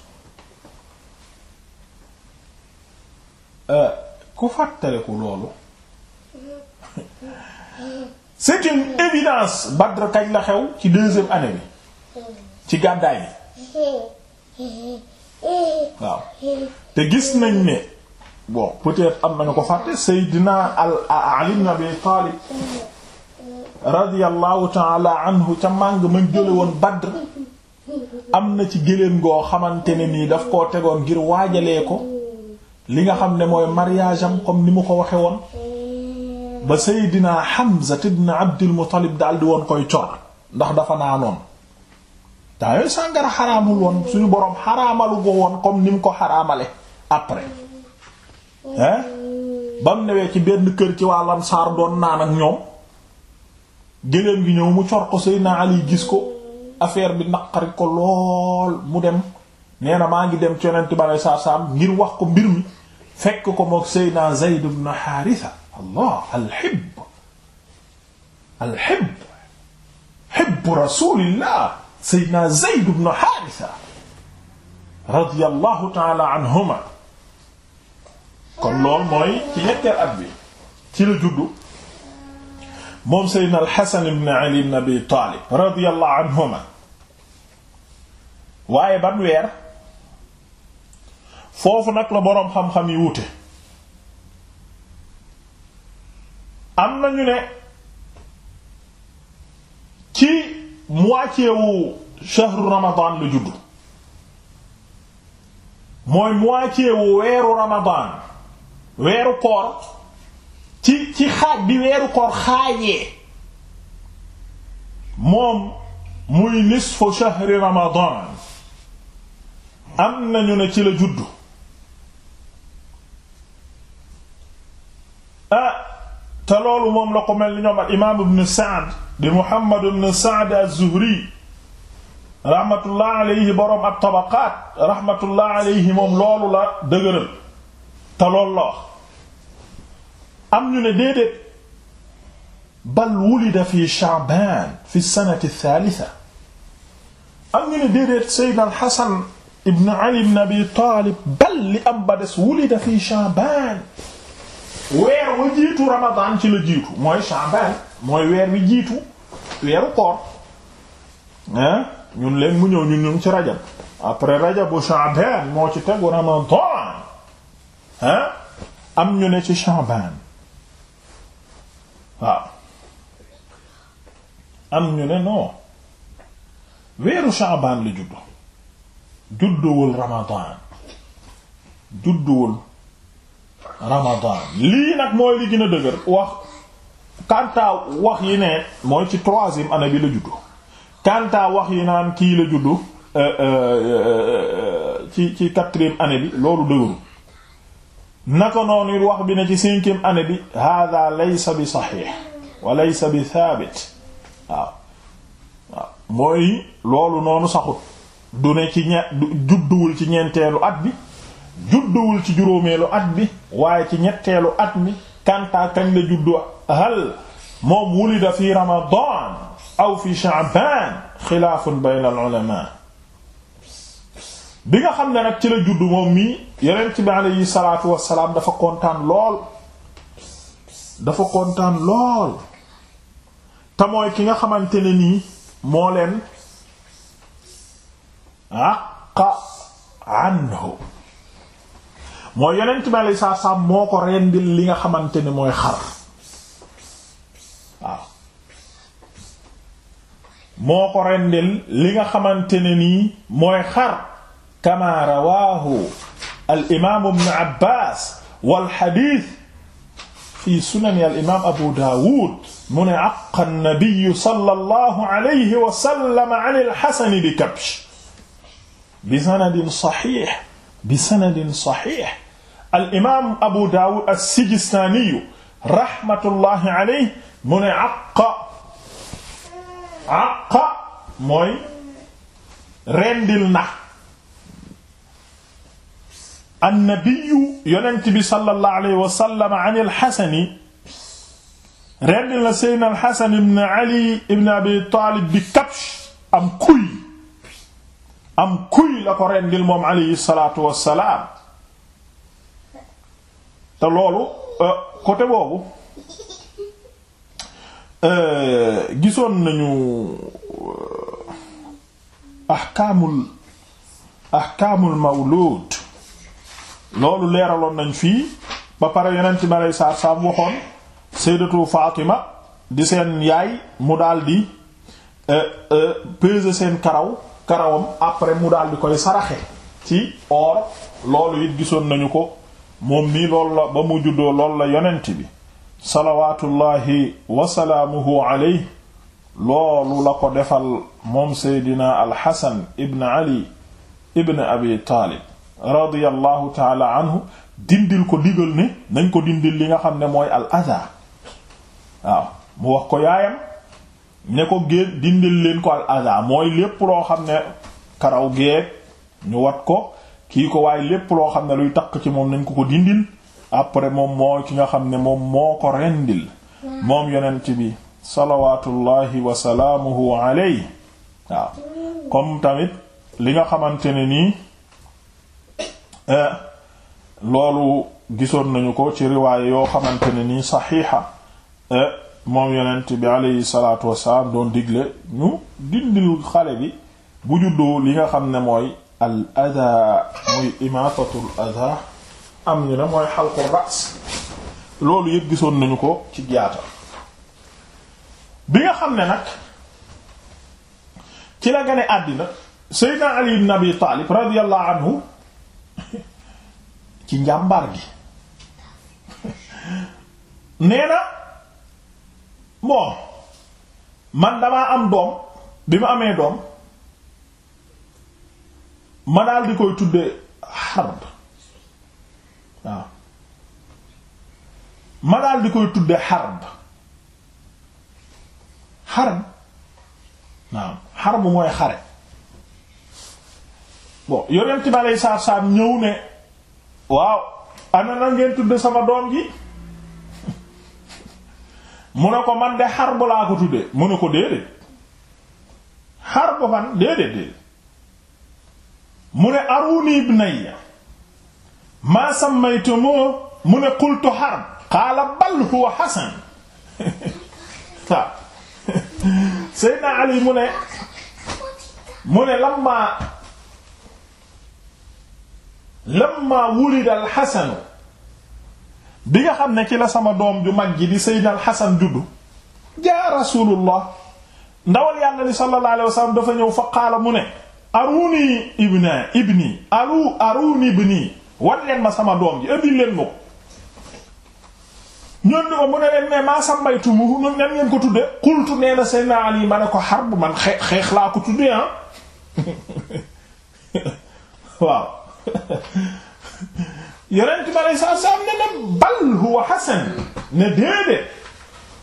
Euh, ku fàttaliku loolu c'est une évidence Badr kañ la xew ci deuxième année bi ci gàddaay bi waaw te gis nañ ne bon peut-être am nañu ko fàtte Seydina al Ali ibn Abi Talib radiyallahu ta'ala anhu ca màng mañ jële woon Badr am na ci gëléem goo xamante ne nii daf koo tegoon ngir waajalee ko li nga xam ne mooy mariage am comme ni mu ko waxee woon ba Seydina Hamza ibn Abdul Muttalib daal di woon koy cor ndax dafa naanoon daa yooyu sàngara xaraamul woon suñu boroom xaraamalu ko woon comme ni mu ko xaraamale après hein ba newee ci benn kër ci waa Ansaar doon naan ak ñoom géléem gi ñëw mu cor ko Seydina Ali gis ko affaire bi naqari ko lool mu dem nee na maa ngi dem ci yonent bi ngir wax ko mbir mi fekk ko mook Seydina Zayd ibn Haritha allah alxibb alxibb xibbu rasulillah Seydina Zayd ibn Haritha radiyallahu taala anhuma kon loolu mooy ci ñetteel at bi ci la juddu moom Seydina al-Hasan ibn Ali ibn Abi Talib radiyallahu anhuma waaye ban weer foofu nag la boroom xam-xam yi wuute am na ñu ne ci moitié wu shahru ramadan la judd mooy moitié wu weeru ramadan weeru koor ci ci xaaj bi weeru koor xaajee moom muy nisfu shahri ramadan am na ñu ne ci la juddu te loolu moom la ko mel ni ñoom al imaam ibn Sa'd di Muhammad ibn Sa'd az-Zuhri rahmatullah alayhi boroom at-Tabaqaat rahmatullah alayhi moom loolu la dëgëral te loolu la wax am ñu ne déedéet bal wulida fi Sha'baan fi sanati ath-thaalitha am ñu ne déedéet Seydina al-Hasan ibn Ali ibn Abi Taalib bal li am ba des wulida fi Sha'baan weer wa jiitu ramadan ci la jiitu mooy Sha'ban mooy weer wi jiitu weeru koor hein ñun leen mu ñëw ñun ñun ci rajab après rajabu Sha'ban moo ci tegu ramadan hein am ñu ne ci Sha'ban waaw am ñu ne weeru Sha'ban la juddu judduwul ramadan judduwul ramadan lii nag mooy li gën a dëgër wax kanta wax yi ne mooy ci troisième année bi la juddu kanta wax yi naan kii la juddu euh, euh, euh, ci ci quatrième année bi loolu dëgëru naka noonu wax bi ne ci cinquième année bi hada laysa bi saxiix wa laysa bi thabit waaw waaw mooy loolu noonu saxut du ne ci ñe judduwul ci ñeenteelu at bi judduwul ci juróomeelu at bi waaye ci ñetteelu at mi kantaa kañ la juddu hal moom wulida fi ramadan aw fi sha'ban xilaafun bayna al ulama bi nga xam ne nag ci la juddu moom mii yonent bi aleyhi salaatu wassalaam dafa kontaan lool dafa lool te ki nga xamante ne nii moo leen haqa anhu mooy yonent bi aleyhi salaatu salaam moo ko rendil li nga xamante ne mooy xar waaw moo ko rendil li nga xamante ne nii mooy xar kama rawaahu al imaamu ibnu Abbaas wal hadiis fi sunani al imaam Abu Daawuud mu ne aqqa an-nabiyyu sallallahu alayhi wa sallam an al-Hasan bi kabsh bi sanadin sahiih bi sanadin sahiih al imaam Abu Daawud as-Sijistaaniyu rahmatullahi alayhi mu ne àqa àqa mooy rendil na annabiyu yonent bi sallallahu alayhi wa sallam an al-Hasani rendil na Seydina al-Hasan ibn Ali ibn Abi Taalib bi kabsh am kuy am kuy la ko rendil moom alayhi salaatu wa salaam te loolu euh, côté boobu euh, gisoon nañu euh, ahkaamul ahkaamul mawlud loolu leeraloon nañ fii ba pare yonent bi aleyhi salaatu salaam waxoon sayyidatu Fatima di seen yaay mu daldi peser seen karaw karawam après mu daldi koy saraxe ci or loolu it gisoon nañu ko moom mii loolu la ba mu juddoo loolu la yonent bi salawaatullaahi wasalaamuhu alayhi loolu la ko defal moom seydina alxasan ibn ali ibn abi taalib radiyallahu taala anhu dindil ko digal ne nañ ko dindil li nga xam ne mooy al adaa waaw mu wax ko yaayam ne ko mooy lépp loo xam ne karaw geeg ñu wat ko kii ko waaye lépp loo xam ne luy takk ci moom nañ ko ko dindil après moom moo ki nga xam ne moom moo ko rendil moom yonent bi salawatullahi wasalaamuhu aley waaw comme tamit li nga xamante ne nii eh, loolu gisoon nañu ko ci riwaaye yoo xamante ne nii saxiixa eh, moom yonent bi aleyhi salaatu wasalaam doon digle ñu dindil xale bi bu juddoo li nga xam ne mooy al ada muy imaatatul ada am ñu mooy xalqu ras loolu yëpp gisoon nañu ko ci jaata bi nga xam ne nag ci la gane àddina seydna ci njàmbaar gi nee na man damaa am doom bi mu amee doom ma daal di koy tudde xarb waaw ma daal di koy tudde xarb xarb waaw xarb mooy xare bon yonent bi aleyhi salaatu salaam ñëw ne waaw ana na ngeen tudde sama doom ji mu ne ko man de xarb laa ko tudde mu ne ko déedéet xarb fan déedéet déedéet mu ne aruni ibnayya maa sammaytumu mu ne qultu harb qaala bal huwa hasan waaw seydna ali mu ne mu ne lamma lamma wulida alxasanu bi nga xam ne ci la sama doom ju mag ji di seydna alxasan juddu jaa rasulullah ndawal yàlla li sallallahu alayhi wasallam dafa ñëw fa qaala mu ne aruni ibna ibni ibni wan leen ma sama doom ji ëndil leen ma ko ñoon di ko mu ne leen ne maa sammaytumuhu ñun nan ngeen ko tudde qultu nee na sayna Ali ma ko harb man xeex xeex laa ko tudde ah waaw yonent bi alei ne ne bal huwa hasan ne déedéet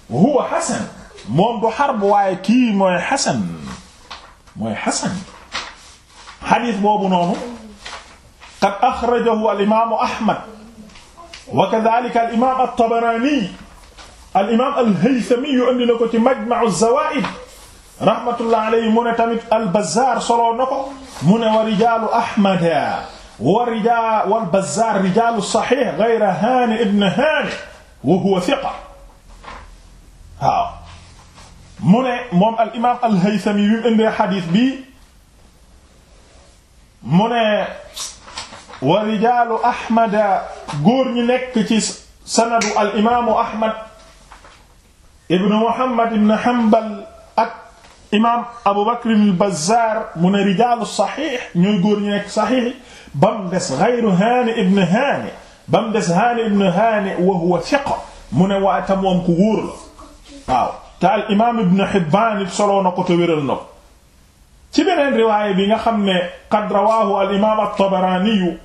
huwa hasan moom du harb waaye kii mooy hasan mooy hasan xadiis boobu noonu qad axrajahu al imaamu Ahmad wa kadaalika al imaam at-Tabaraani al imaam al-Haythami andi na ko ci Majma'u az-Zawaa'id rahmatullah alayhi mu ne tamit al-Bazzaar solo na ko mu ne wa rijaalu Ahmad wa rijaal wal Bazzaar rijaalu saxiix ghayra Haani ibn Haani wa huwa thiqa waaw mu ne moom al imaam al-Haythami yu indee xadiis bi mu ne wa rijaalu ahmada góor ñi nekk ci sanadu al imaamu ahmad ibnu muhammad ibnu hanbal ak imaam abu bakr al bazzaar mu ne rijaalu saxiix ñooy góor ñi nekk saxiix ba mu des gayru haani ibnu haani ba mu des haani ibnu haani wa huwa thiqa mu ne waata moom ku wóor la waaw te al imaam ibnu hibbaan it soloo na ko te wéral na ko ci beneen riwaaya bi nga xam ne qad rawaahu al imaam at-Tabarani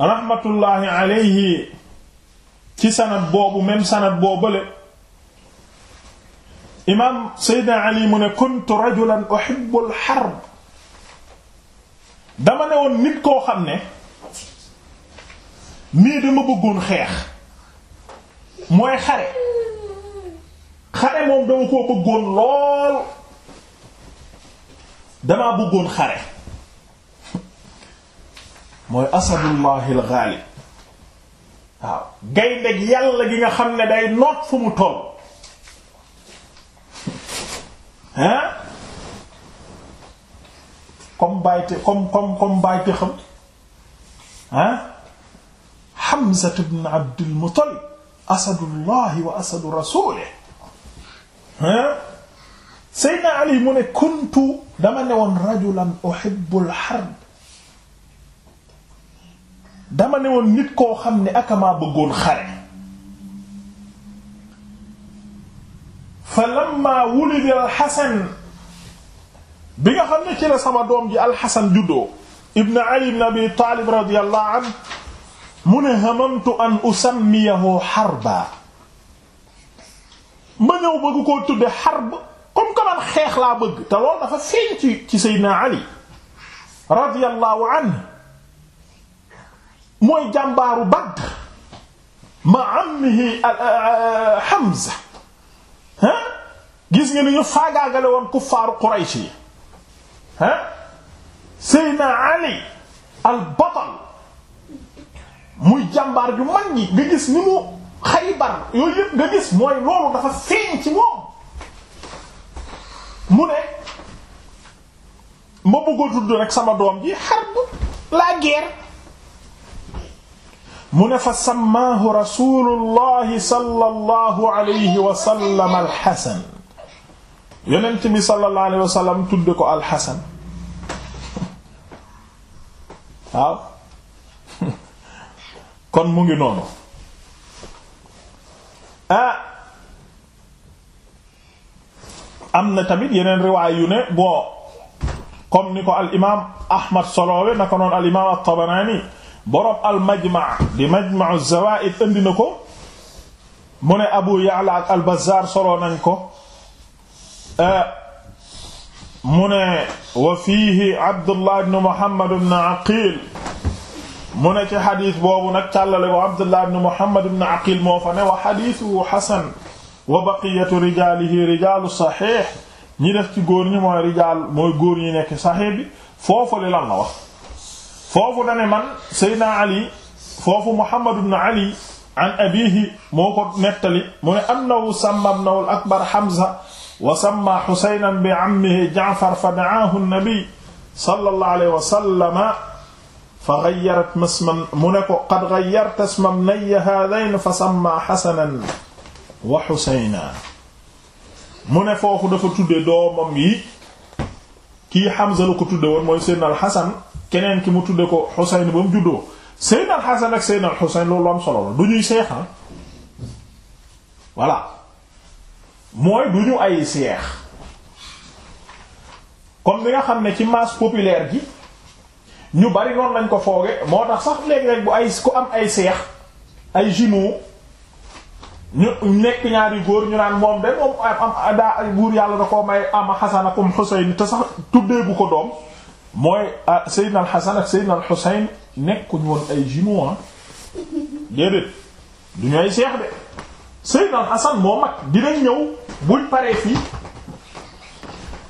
rahmatullahi alayhi ci sanad boobu même sanad boobale imaam Seydina Ali mu ne kuntu rajulan uhibbu al-harb dama ne woon nit koo xam ne mii dama bëggoon xeex mooy xare xare moom dama koo bëggoon lool damaa bëggoon xare mooy asadullahi alxaalib waaw gaynde gi yàlla gi nga xam ne day noot fu mu toll hein comme bayti comme xam ah Hamza ibn Abdul Muttalib asadullahi wa asadu rasulihi Seydina Ali mu ne kuntu dama ne woon rajulan uhibbul harb dama ne woon nit koo xam ne akamaa bëggoon xare fa lamma wulida alxasan bi nga xam ne ci la sama doom ji alxasan juddoo ibn ali ibn abi taalib radiyallahu anhu mu ne hamamtu an usammiyahu xarba ma ñëw bëgg koo tudde xarb comme que man xeex laa bëgg te loolu dafa feeñ ci ci Seydina Ali radiyallahu anhu mooy jàmbaaru Badr ma ammihi euh, euh, Hamza ah gis nga ni ñu faagaagale woon kuffaaru Quraysh yi ah Seydina Ali al-Batal muy jàmbaar ju mag gi nga gis ni mu Xaybar yooyu yëpp nga gis mooy loolu dafa feeñ ci moom mu ne ma bëgg a tudd sama doom ji harb la guerre mu ne fa sammaahu rasulullahi sallallahu alayhi wa sallam alxasan yonent bi sallallahu alayhi wa sallam tudde ko alxasan waaw kon mu ngi noonu ah, am na tamit yeneen riwaay yu ne bon comme ni ko al imaam Ahmad Solowe naka noonu al imaam at-Tabarani borom al majmaa di majmaa az-zawaa'id indi na ko mu Abu Ya'la al Bazzaar solo nañ ko. Eh, mu ne wa fiihi Abdullah ibn Muhammad ibn Aqil mu ne boobu nag càllale ko Abdullah ibn Muhammad ibn Aqil moo fa ne wa xadisu wa baqiyatu rijaalihi rijaalu saxiix ñi def ci góor ñi mooy rijaal mooy góor ñi nekk saxiix bi foofu li lan la wax foofu dane man Seydina Ali foofu Muhammad ibn Ali an abihi moo ko nettali mu ne annahu samma ibnahu al-akbar Hamza wa samma Husaynan bi ammihi Ja'far fa da'aahu an-nabi sallallahu alayhi wa sallama fa ghayyarat isman mu ne ko qad ghayyarta isma ibnayya haadhayn fa samma Hasanan wa Xuseyna mu ne foofu dafa tudde doomam yi kii Hamza la ko tudde woon mooy Seydina al Xasan keneen ki mu tudde ko Xuseyn ba mu juddoo Seydina al Xasan ak Seydina al loolu am solo la du ñuy seexan ah. voilà mooy du ñu ay seex kon ni nga xam ne ci masse populaire gi ñu bari noonu lañ ko fooge moo tax sax léegi rek bu ay ku am ay seex ay jumeaux ñu nekk ñaari góor ñu naan moom de moom am ay buur yàlla da koo may am xasanakum xusayn te sax tuddee bu ko doom mooy ah, Seydina al Xasan ak Seydina al Xusayn nekkuñu woon ay jumeaux ah. déedéet du ñu ay seex de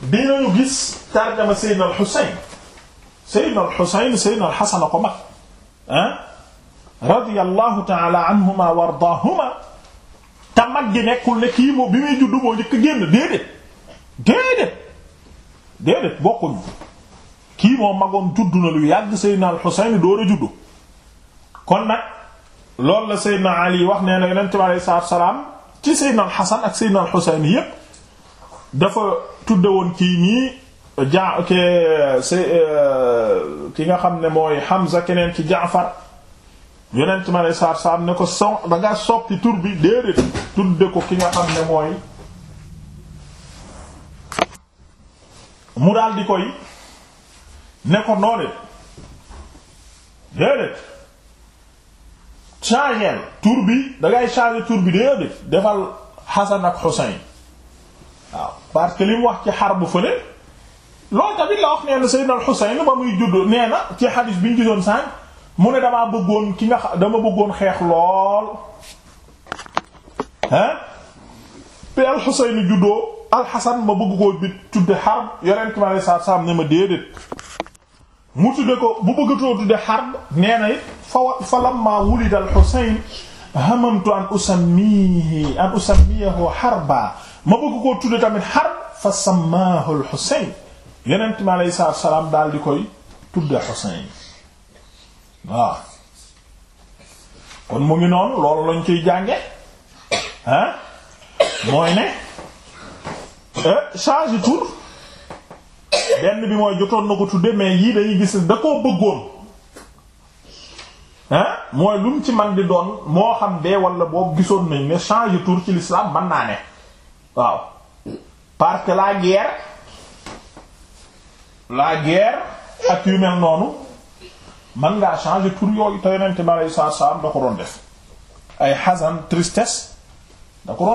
Seydina gis tarjama Seydina al Xusayn Seydina al Xusayn Seydina al Xasan ko mag ah anhuma wa ardaahuma te mag gi nekkul ne kii bi muy juddu moo njëkk génn déedéet déedéet déedéet bokkuñu kii moom magoom juddu na lu yàgg Seydina al-Husayn door juddu kon nag loolu la Seydina Ali wax nee na Yonent bi alayhi salaatu wa salaam ci Seydina al-Hasan ak Seydina al-Husayn yépp dafa tudde woon kii nii ja ke eh, ki nga xam ne mooy Hamza keneen ci Jaafar Yonent bi alayhi salaatu wa salaam ne ko so da ngaa soppi tur bi déedéet tudde ko ki nga xam ne mooy mu daal di koy ne ko noone déedéet bi dangay changer tur bi déedéet defal Hasan ak Husayn waaw parce que li wax ci xar bu fële loolu tamit la wax nee na Sayyidna Husayn ba muy judd nee ci xadiis bi ñu gisoon sànq mu ne damaa bëggoon ki nga dama bëggoon xeex lool ah bi alxuseyn juddoo alxasan ma bëgg koo bi tudde Harb yonent mi alei satu salaam ne ma déedéet mu tudde ko bu bëggatoo tudde Harb nee na fa fa lamma alxuseyn hamamtu an usammihi an usammiyahu Harba ma bëgg koo tudde tamit Harb fa sammaahu alxuseyn yonent mi alei salaam daal di koy tudde xuseyn waaw kon mu ngi noonu loolu lañ koy jànge ah mooy ne euh, change tour benn bi mooy jotoon na ko tudde mais yii dañuy gis da koo bëggoon ah mooy lu mu ci man di doon moo xam bee wala boo gisoon nañ ne change tour ci l'islam mën naa ne waaw parce que la guerre la guerre ak yu mel noonu mën ngaa changer tour yooyu te yonente bi aleyi saatu salaam da ko doon def ay xasan tristesse da ko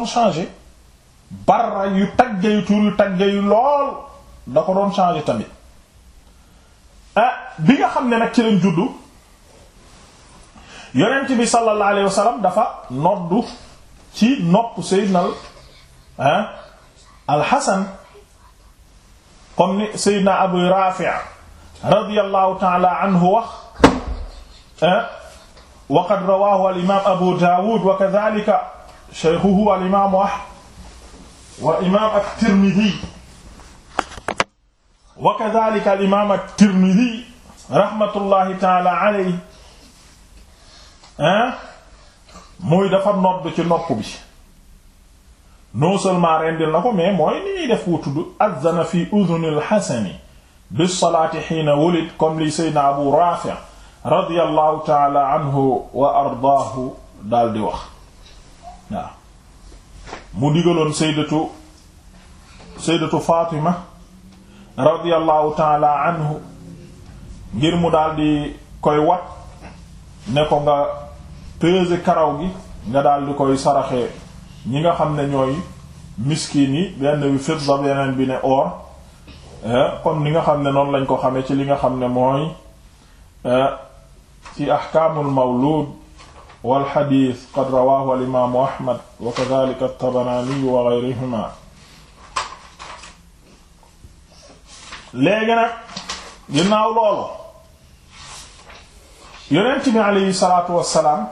doon yu tagga yu tur yu tagga yu lool da ko doon changer tamit ah, bi nga xam ne nag ci juddu yonent bi sallallahu alayhi wasallam dafa noddu ci nopp seydinal ah alxasan comme ni seydina abu rafi' radiyallahu ta'ala anhu wax ah, wa qad rawahu al imam abu dawud wa shaykhuhu al imaamu Ahmad wa imaam at-Tirmidhi wa kadhalika al imaam at-Tirmidhi rahmatullahi ta'ala alayhi hein muy dafa nodd ci nopp bi non seulement rendil na ko mais mooy ni ñuy def wu tudd azzana fi udhuni al-Hasani bis-salaati hiina wulid comme li sayyidina Abu Rafi' radiyallahu ta'ala anhu wa ardaahu daal di wax waaw mu digaloon saydatu saydatu Fatima radiyallahu taala anhu ngir mu daldi koy wat ne ko nga peser karaw gi nga daldi koy saraxee ñi nga xam ne ñooy miskin yi benn bi fidda beneen bi ne or eh, comme ni nga xam ne noonu lañ ko xamee ci li nga xam ne mooy eh, ci ahkaamul mawlud wal xadiis qad rawaahu al imaamu Ahmad wa kazaalika at-Tabaraani wa ghayruhumaa léegi nag ginnaaw loolu yonent bi aleyhi salaatu wassalaam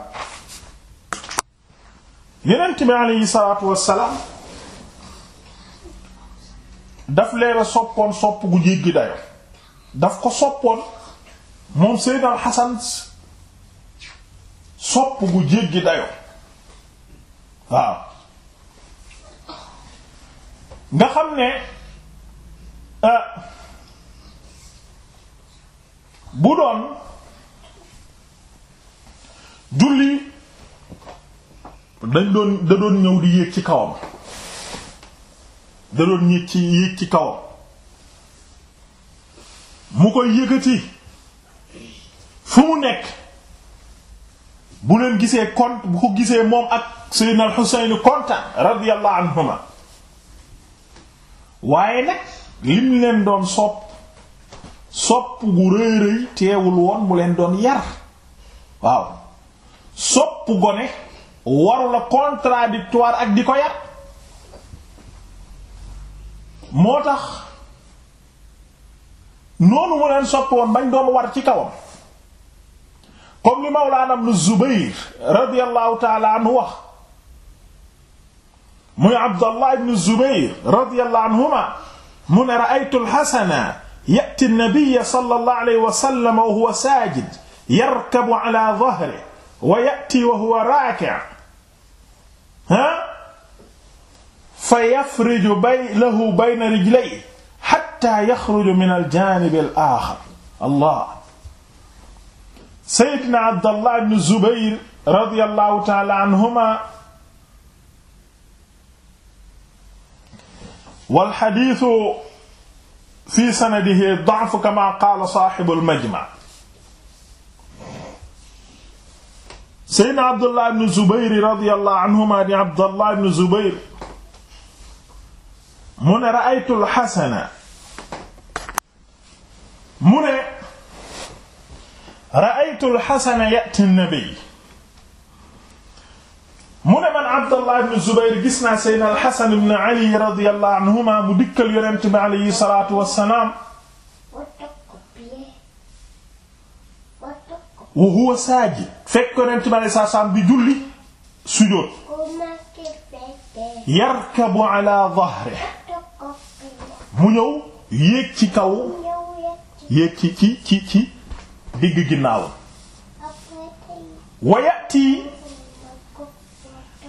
yonent bi aleyhi salaatu wassalaam daf leena soppoon sopp gu jéggi dayo daf ko soppoon moom Seydina Al Hasan sopp gu jéggi dayo waaw nga xam ne euh, bu doon julli dañ doon da doon ñëw di yéeg ci kawam da doon yéeg ci yéeg ci kawam mu koy yëkkati fu mu nekk bu leen gisee kont bu ko gisee moom ak Seydina Al-Husayn kontaan radiyallahu anhuma waaye nag lim leen doon sopp sopp gu rëy rëy teewul woon mu leen doon yar waaw sopp gone waru la contradictoire ak di ko yar moo tax noonu mu leen sopp woon bañ doon war ci kawam comme li Mawlaana ibn Zubayr radiyallahu ta'ala anhu wax muy Abdallah ibn Zubayr radiyallahu anhuma mu ne ra'aytu al-Hasana ya'ti an-nabiyya sallallahu alayhi wa sallam wa huwa saajid yarkabu ala dhahrihi wa ya'ti wa huwa raaki' ha fayafriju bay lahu bayna rijlayhi hatta yakhruju min al-jaanib al-aakhar Allah seydina abdallah ibn zubayr radiyallahu taala anhuma walxadiisu fi sanadihi da'f kama qaala saaxibul majma seydina abdallah ibn zubayr radiyallahu anhuma di abdallah ibn zubayr mu ne ra'aytu alxasana mu ne ra'aytu al-Hasan ya'ti an-nabiy mu ne man Abdallah ibn Zubayr gis naa Seydina al-Hasan ibn Ali radiyallahu anhuma mu dikkal Yonent bi alayhi salaatu wa salaam wa huwa saajid fekk Yonent bi alayhi salaam di julli sujóot yarkabu ala dhahrihi mu ñëw yéeg ci kaw yéeg ci ci ci ci digg ginnaawam wa yati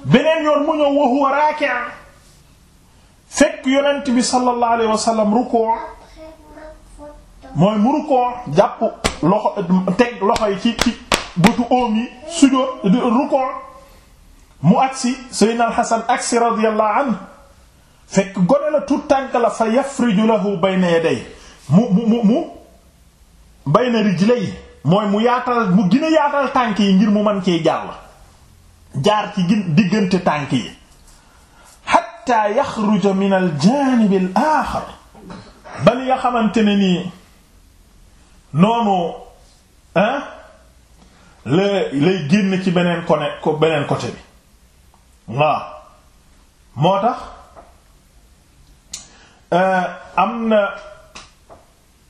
beneen yoon mu ñëw wa huwa raki'a fekk yonent bi sallallahu alayhi wa sallam mooy mu ruku' jàpp loxo teg loxo yi ci ci bëtu oom yi mu agsi sayyidina hasan agsi radiyallahu anhu fekk gone la tout la fa yafriju lahu bayna yaday mu mu mu bayna rijlay mooy mu yaatal mu gën yaatal tànk yi ngir mu mën cee jàll jaar ci diggante tànk yi hatta yaxruja min al janib al axar ba li xamante ne nii noonu ah lay génn ci beneen côté ko beneen côté bi waaw moo tax euh, am na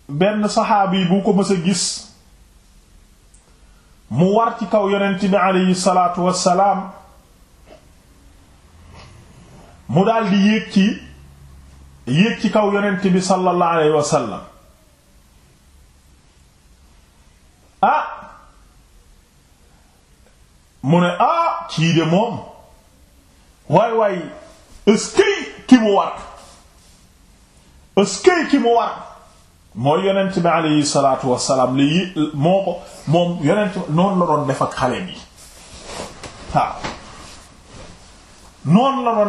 benn saxaabi bu ko mës gis mu war ci kaw yonent bi aleyhi salaatu wassalaam mu daldi yéeg ci yéeg ci kaw yonent bi sallallahu alayhi wasallam ah mu ne ah kii de moom waay waay ëskey ki mu war ëskey ki mu war mooy yonent bi alayhi salaatu wassalaam li moo ko moom yonent noonu la doon def ak xale bi waaw noonu la doon